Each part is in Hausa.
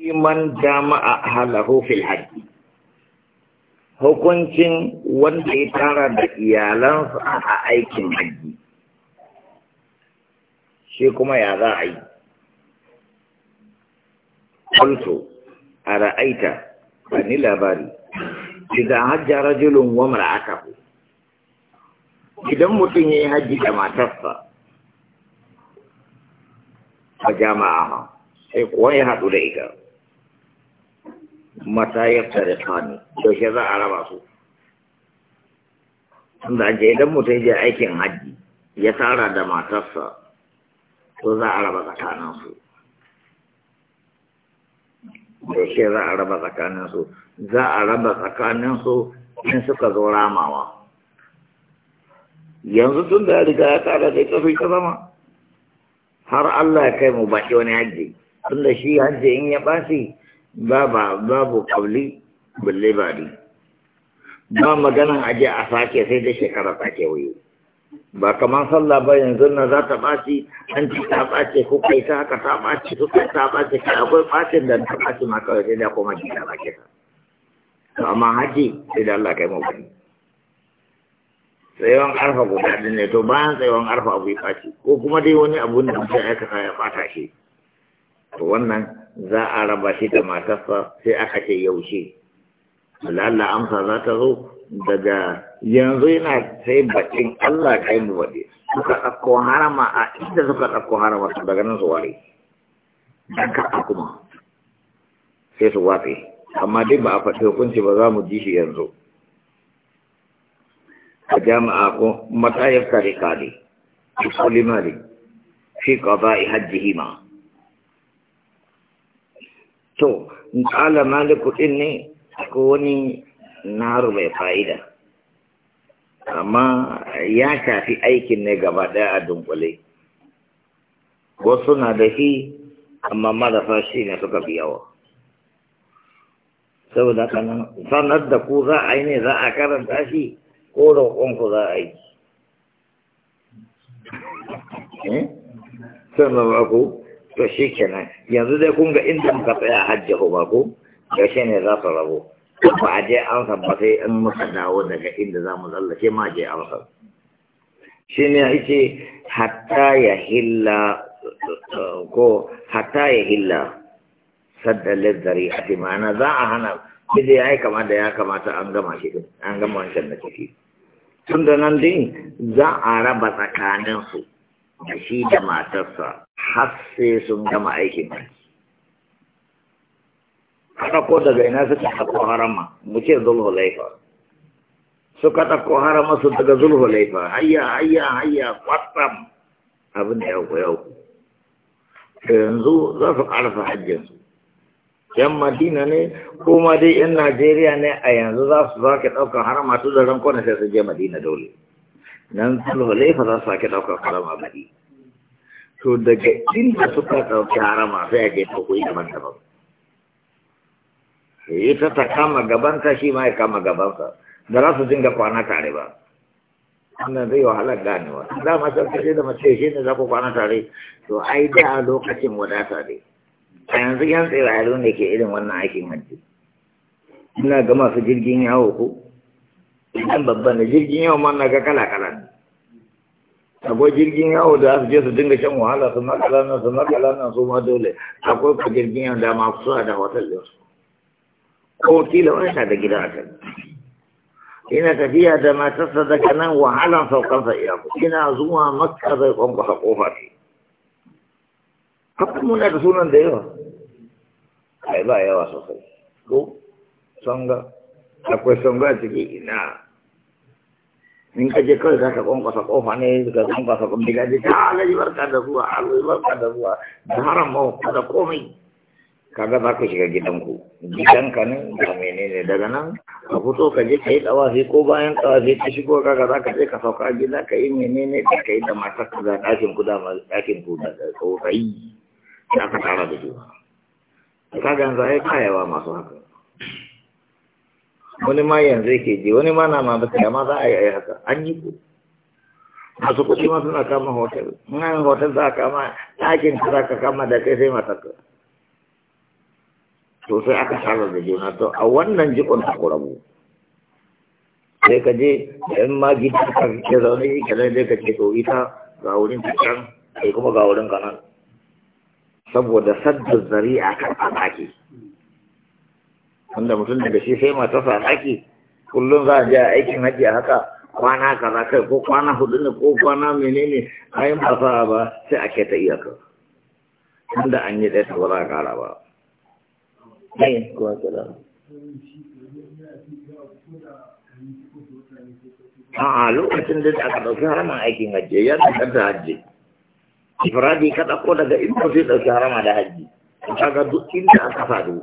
man jama'a halahu fil haji hukuncin wanda ya tara da iyalansa a aikin haji shi kuma ya za a yi kultu a ra'aita ba ni labari idan hajja rajulun wa mar'atahu idan mutum ya yi hajji da matarsa a jama'a sai kuwa ya haɗu da ita mata da tare kani yaushe za a raba su tunda je idan mutum je aikin hajji ya tara da matarsa to za a raba tsakaninsu yaushe za a raba su za a raba tsakaninsu in suka zo ramawa yanzu tun da riga ya tara da ita ta zama har Allah ya kai mu baki wani hajji tun da shi hajji in ya ɓaci babu ƙauli balle bari ba maganan aje a sake sai da shekara ta kewaye ba kamar sallah ba yanzu na za ta ɓaci an ci ta ɓace ko kai ta haka ta ɓace ko kai ta ɓace kai akwai ɓacin da ta ɓace ma kawai sai da koma ji ta ɓace ta amma haji sai da Allah kai mabani tsayawan arfa guda din ne to bayan tsayawan arfa abu ya ɓaci ko kuma dai wani abu da mutum ya aikata ya ɓata shi to wannan za a raba shi da matarsa sai aka ce yaushe lalla amsa za ta zo daga yanzu yana sai bakin Allah kai mu waje suka ɗauko harama a inda suka ɗauko harama su daga nan su ware dan ka kuma sai su watse amma dai ba a faɗi hukunci ba za mu ji shi yanzu a jami'a ko matsayar kare kare fi kulli mali fi qada'i hajjihima to kala maliku ɗin ne ko wani naru mai fa'ida amma ya shafi aikin ne gaba ɗaya a dunkule wasu na da shi amma marasa shi ne suka fi yawa saboda kanan sanar da ku za a yi ne za a karanta shi ko roƙonku za a yi eh? sannan ba ku to shi kenan yanzu dai kun ga inda muka tsaya hajji ba ko shi ne za su rabu ba a je an ba sai in muka dawo daga inda za mu tsallake ma je an san shi ne ce hatta ya hilla ko hatta ya hilla sadda lazzari a timana za a hana dai ya yi kama da ya kamata an gama shi an gama wancan da ciki tun da nan din za a raba tsakaninsu da shi da matarsa har sai sun gama aikin haji kada ko daga ina suka ɗauko harama mu ce zulhulaifa suka ɗauko harama su daga zulhu laifa hayya hayya hayya kwatsam abin da yau yau yanzu za su ƙarfa su yan madina ne ko ma dai yan najeriya ne a yanzu za su sake ɗaukar harama su da na sai su je madina dole nan laifa za su sake ɗaukar harama madina to daga inda suka ɗauki harama sai a je ta kuyi daban daban eh, ita ta kama ka shi ma ya kama ka da za su dinga kwana tare ba wannan zai wahalar ganewa za ma san kashe da mace shi ne za ku kwana tare to ai da a lokacin wadata ne a yanzu yan tsirayen ne ke irin wannan aikin hajji ina ga masu jirgin yawo ko idan babban jirgin yawo man na ga kala kala akwai jirgin yawo da su je su dinga shan wahala su makala nan su makala nan su ma dole akwai ka jirgin yawo da ma kusa da hotel da su ko kila wani na da gida a can ina tafiya da matarsa daga nan wahalan saukansa ku ina zuwa makka zai kwankwasa kofa ce haka muna da sunan da yawa ai ba yawa sosai ko sanga akwai sanga ciki ina in ka je kawai za ka kwankwasa kofa ne ka kwankwasa kuma diga ji ta ah, alaji barka da zuwa alaji ah, barka da zuwa da haram ba da komai kaga za ku shiga gidanku gidanka ne da menene daga nan ka fito ka je ka yi tsawafi ko bayan tsawafi ka shigo kaga za ka je ka sauka gida ka yi menene da ka yi da matar ka da ɗakin ku da ɗakin ku da tsorayi za ka tara da juna kaga yanzu ai kayawa masu haka wani ma yanzu yake je wani ma na mamaki amma za a yi haka an yi ku masu kuɗi ma suna kama hotel in hotel za a kama ɗakin ka za ka kama da kai sai matarka to sai aka sarar da juna to a wannan jikon ta ku rabu sai ka je in ma gida ka ke zaune yi kenan sai ka ce to ita ga wurin ta can kai kuma ga wurin kanan saboda sadda zari'a kan a ɗaki wanda mutum daga shi sai matarsa ɗaki kullum za a je aikin haji a haka kwana kaza kai ko kwana hudu ne ko kwana menene ayin ba sa ba sai a keta iyaka wanda an yi ɗaya ba za a kara ba ɗayin kuwa kira a'a lokacin da aka ɗauki haraman aikin hajji ya ɗaukar da hajji ifradi ka ɗauko daga inda sai ɗauki harama da hajji kaga duk inda aka faru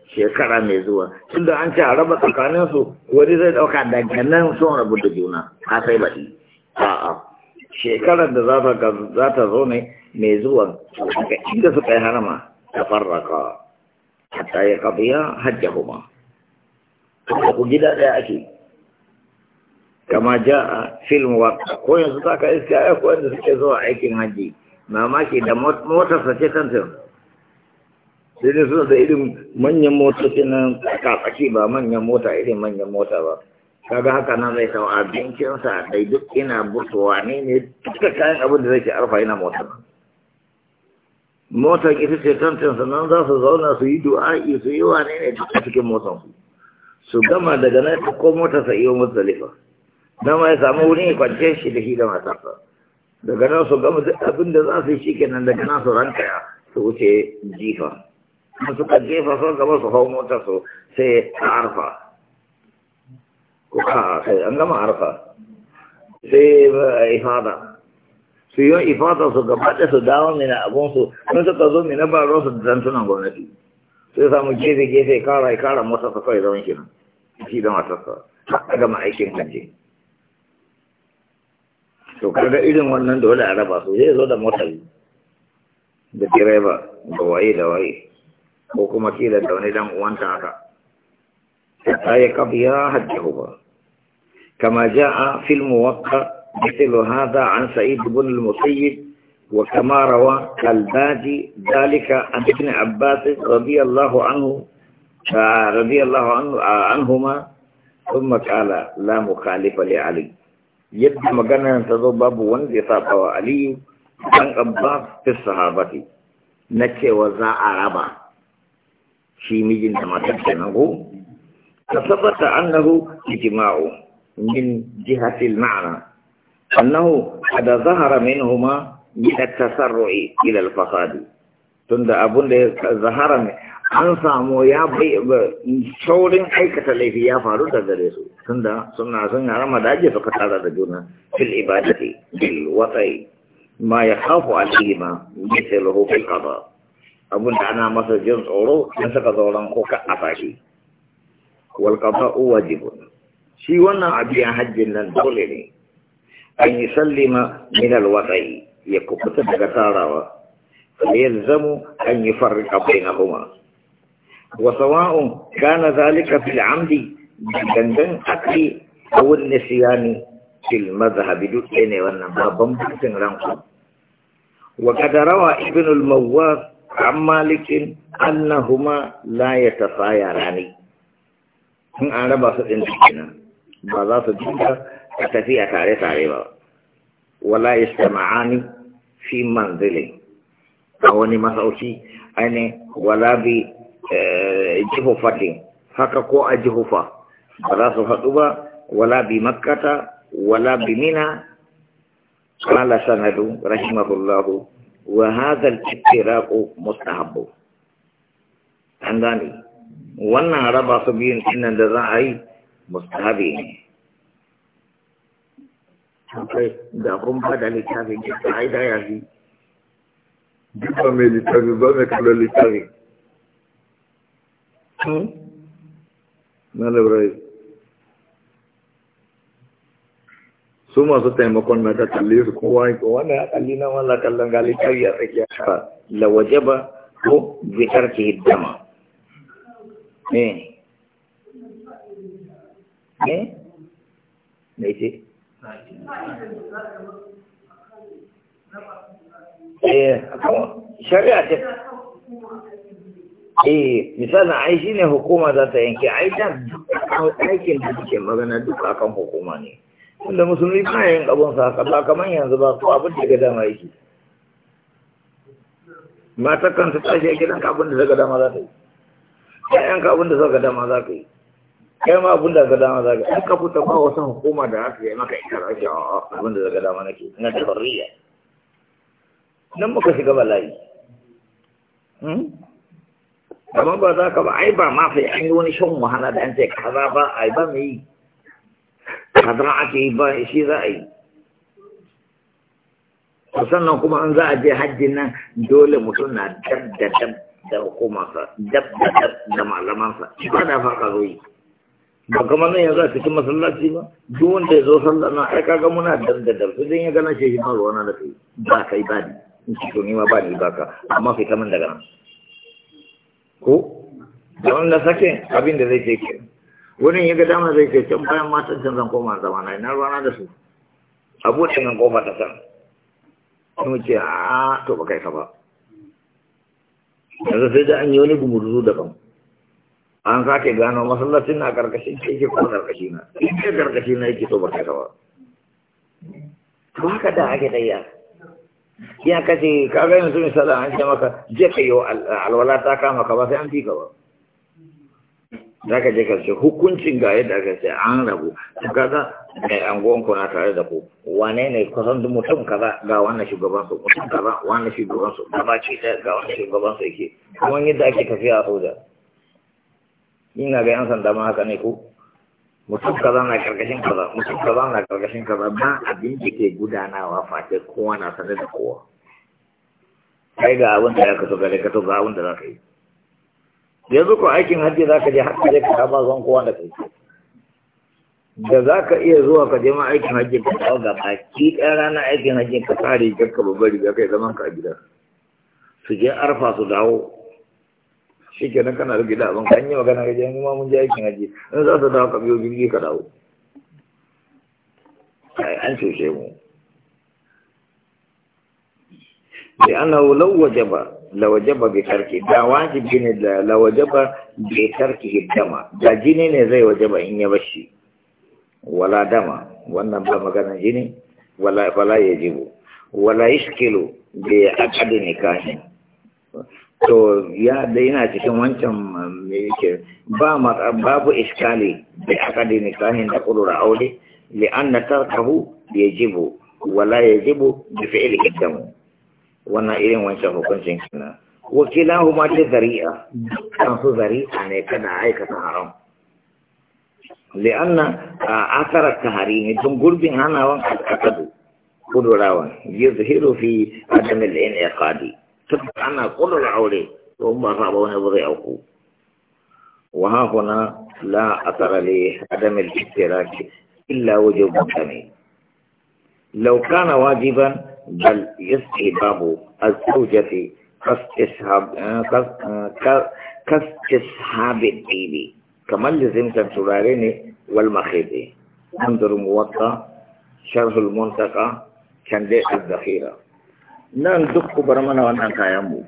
shekara mai zuwa tunda an ce a raba tsakaninsu wani zai ɗauka daga nan son rabu da juna a sai baɗi a'a shekarar da za ta zo ne mai zuwa daga inda su kai harama ta farraka hatta ya kafiya hajja kuma ku gida ɗaya ake kama ja a film wa ko yanzu ta ka iska ya ko yanzu suke zuwa aikin hajji mamaki da motarsa ce tantin sai dai suna da irin manyan motocin nan tsaki ba manyan mota irin manyan mota ba kaga haka nan zai kawo abincinsa dai duk ina butuwa ne ne duka kayan abin da zai ke arfa ina mota? motar ita ce kantin sannan za su zauna su yi du'a'i su yi wane ne duka cikin motar su su gama daga nan ta ko mota sa iyo muzdalifa na ma ya samu wurin ya kwance shi da shi da matarsa daga nan su gama duk abin da za su yi shi kenan daga nan su ya su wuce jifa da suka jefa su gaba su hau mota su sai a arfa ko a sai an gama arfa sai eh, ifada su yi ifada su gaba da su dawo mina abun su sun suka zo mina ba ruwa su dan suna gwamnati sai samu gefe gefe kara ya kara motar su kai zaman kenan shi da matarsa ta gama aikin hajji to kaga irin wannan dole a raba su zai zo da motar da direba da waye da waye ko kuma kila da wani dan uwanta haka ta ya hajjahu kama ja'a fil muwaqqa مثل هذا عن سعيد بن المسيب وكما روى البادي ذلك عن ابن عباس رضي الله عنه رضي الله عنه عنهما ثم قال لا مخالف لعلي يبدو مغنى تزو باب وندي صاحب علي عن عباس في الصحابه نكي وزا عربه shi mijin da matar kenan ko ta sabata annahu ijma'u min al-ma'na annahu kada zahara minhuma min at-tasarru'i ila al-fasadi tunda abun da zahara ne an samu ya bai saurin aikata laifi ya faru da gare su tunda suna sun harama daji suka tara da juna fil ibadati bil watai ma yakhafu ma mithluhu fil qada abun da ana masa jin tsoro in suka zauren ko ka a fashi wal qada'u wajibun shi wannan abiyan hajjin nan dole ne an yi sallima min al wada'i ya kubuta daga tarawa فيلزم أن يفرق بينهما وسواء كان ذلك في العمد بالدندن أكلي أو النسيان في المذهب دون والنباب بمبتن رنقم وقد روى ابن المواز عن مالك أنهما yara ne. in an raba su ɗin kenan ba za su dinga a tafiya tare-tare ba wala ma'ani fi manzilin a wani masauki aini wala bi eh, jihufatin haka ko a jihufa ba za su haɗu ba wala bi makata, wala bi mina قال سند رحمه وهذا الافتراق مستحب An وانا Wannan سبين ان دزاعي مستحبين da kun fada littafin kisa ai da yafi duk ba mai littafi ba mai kallon littafi na hmm? su masu taimakon na ta kalle su kowa ya kowa na ya kalli na kallon gali a ka la waje ba ko zikar ke hiddama eh ne me ce eh, shari'a ce eh misalin ai hukuma za ta yanke aikin da magana duka akan hukuma ne wanda musulmi ba yin abun sa haka kamar yanzu ba ko abin da gada dama yake mata kan ta tashi a gidan abin da daga dama za ta yi ƴaƴanka abin da daga dama za ka yi kai ma abin da daga dama za ka yi ka ta ba wasu hukuma da haka yi maka ita rashin abin da daga dama nake na da barriya nan muka shiga bala'i hmm? amma ba za ka ba ai ba ma fa an yi wani shan wahala da an ce kaza ba ai ba mai yi kaza ake yi ba shi za a yi sannan kuma an za a je hajjin nan dole mutum na dab da dab da hukumarsa dab da dab da malamansa ba da faka zo yi ba kamar nan yanzu a cikin masallaci ba duk wanda ya zo sallah na ai kaga muna dab da dab sai ya gana shi ma ruwa na da ba kai ba ni in ci to ni ma ba ni ba ka amma fi min daga nan ko da wanda sake abin da zai ce kenan wurin ya ga dama zai ke can bayan matan can zan koma zama na ina rana da su a buɗe nan kofa ta san mu ce a to ba kai ka ba yanzu sai da an yi wani gumurzu daban an sake gano masallacin na karkashin ke yake kuma karkashi na in ke karkashi na yake to ba kai ka ba to haka da ake tsaya ya kace ka ga yanzu misali an ce maka je ka yi alwala ta kama ka ba sai an fi ka ba za ka je karshe hukuncin ga yadda aka sai an rabu kaga mai anguwan ku na tare da ku wane ne kusan duk mutum kaza ga wannan shugaban su mutum kaza wannan shugaban su kaza ce da ga wannan shugaban su yake kuma yadda ake tafiya a soja ina ga yan sanda ma haka ne ku. mutum kaza na karkashin kaza mutum kaza na karkashin kaza ba abin da ke gudanawa face kowa na sanar da kowa kai ga abin da ya kaso gare ka to ga abin da za ka yi yanzu ko aikin hajji za ka je haka je ka ba zan kowa da kai da za ka iya zuwa ka je ma aikin hajji ka dawo ga baki ɗaya rana aikin hajji ka tsare jakka babbar riga kai zaman ka a gida su je arfa su dawo shi nan kana da gida abin kan yi magana ga jami'in ma mun je aikin hajji in za su dawo ka biyo jirgi ka dawo ai an cuce mu لأنه لو وجب lawajaba bai tarki da wajibi ne da lawajaba bai tarki hiddama da jini ne zai wajaba in ya bashi wala dama wannan ba magana jini wala wala yajibu wala yashkilu bi aqd kashin to ya da yana cikin wancan um, me yake ba babu iskali bi aqd nikahin da qurura aure li anna tarkahu yajibu wala yajibu bi fi'li hidama. wannan irin wancan hukuncin kina wakilahu ma ce zari'a kan su zari'a ne kada aikata haram li'anna asarar tahari ne tun gurbin hanawan al'akadu kudurawan yuzhiru fi adam al-inqadi tabbata ana kudura aure to ba fa ba wani zai auku wa ha huna la asara li adam al-ishtirak illa wujub kamil law kana wajiban بل باب الزوجة كاستصحاب آه، آه، الدين كما لزم ترارين والمخيط انظر موطأ شرح المنطقة شندي الذخيرة nan duk ku bar mana wannan kayan mu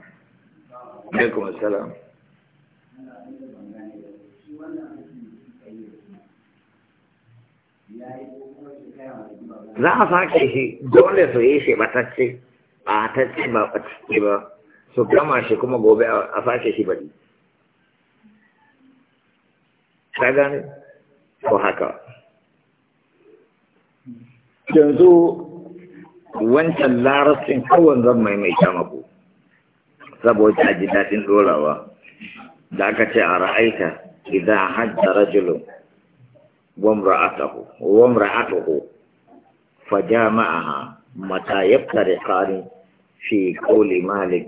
Yeah. za a sake shi dole su yi shi batacce a tacce ba batacce ba su gama shi kuma gobe a sake shi bari ta gane ko haka yanzu wancan larabcin kawon zan maimaita maku saboda a ji daɗin dorawa da aka ce a ra'aita idan hajjara julun وامرأته وامرأته فجامعها متى يفترقان في قول مالك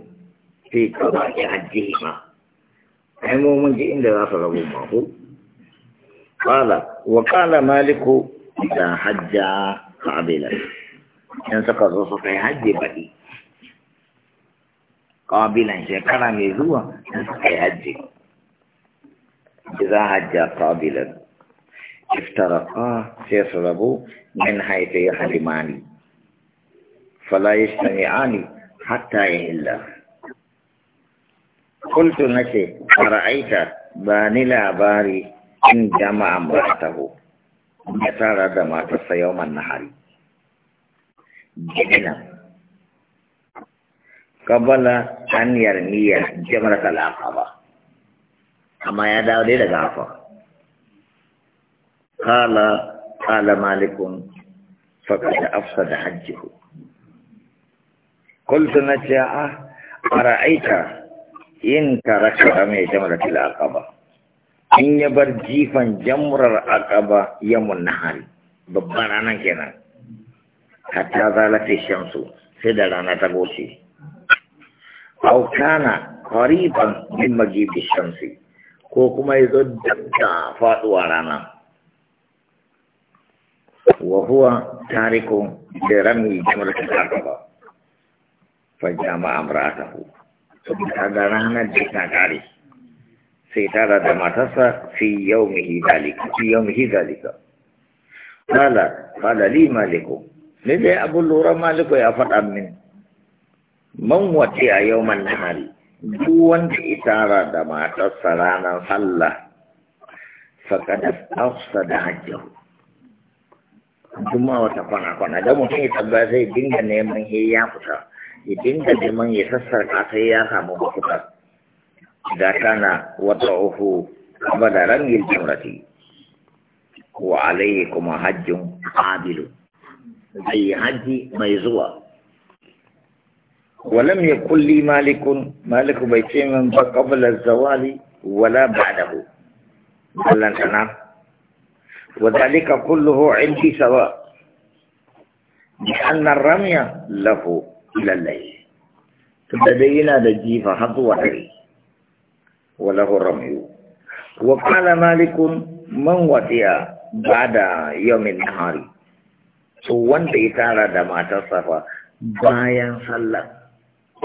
في قضاء حجهما عموما عند ذات ربهما قال وقال مالك إذا حج قابلا ينسق الرسول حج بدي قابلا شكرا يزوى ينسق حج إذا حج قابلا افترقا آه، سيسربوا من حيث يحرمان فلا يجتمعان حتى يهلا قلت نشي أرأيت بانلا باري إن جمع امرأته يسار دماتس يوم النهار جنة قبل أن يرمي جمرة العقبة أما يدعو لي لغافة kala kala malikun fakat afsada hajjihu qultu naja'a ara'aita in taraka amma ya jamra til aqaba in ya bar jifan jamrar akaba ya hari babban ranar kenan hatta zalati shamsu sai da rana ta goce aw kana qariban min magibi shamsi ko kuma yazo da faduwa rana Wahuwa tarihi ko ɗaya rana ya yi kyautar ta ka ba? Fajjabi Amra'u tafi. ya da matarsa sai yau mai hidar lika. Fala lihi Malik ne zai yi abu luran Malik ya faɗa min? Mun wace a yau mana hari. Ku wancan tara da matarsa ranar Allah? Saƙarar Afsa da Hajji juma'a wata kwana-kwana don mutum ya tabba zai dinga neman ya ya fita ya dinga neman ya sassarka sai ya samu mafita da na wata uku kama da rangin jimrati wa alayhi kuma hajjin abilu zai yi hajji mai zuwa ولم يقل لي مالك مالك بيتي من قبل الزوال ولا بعده بل أنا وذلك كله عندي سواء لأن الرمي له إلى الليل فبدينا دجيفة حظ وحري وله الرمي وقال مالك من وطيا بعد يوم النهار سوان بيتارا دما تصفى بايا صلى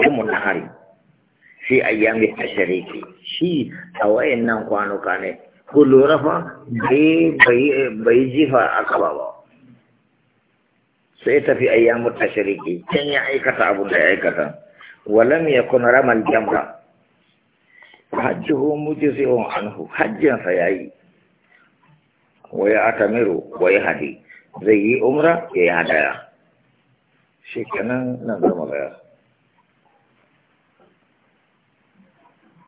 يوم النهار في أيام التشريك شي أو إنهم كانوا كانوا ku lura fa bai jifa a kaba ba sai tafi ayyamu tashiriki can ya aikata abunda da ya aikata walam yakun ramal jamra hajjuhu mujzi'un anhu hajjin sa yayi wa ya atamiru wa ya hadi zai yi umra ya yi hadaya shikenan nan zama gaya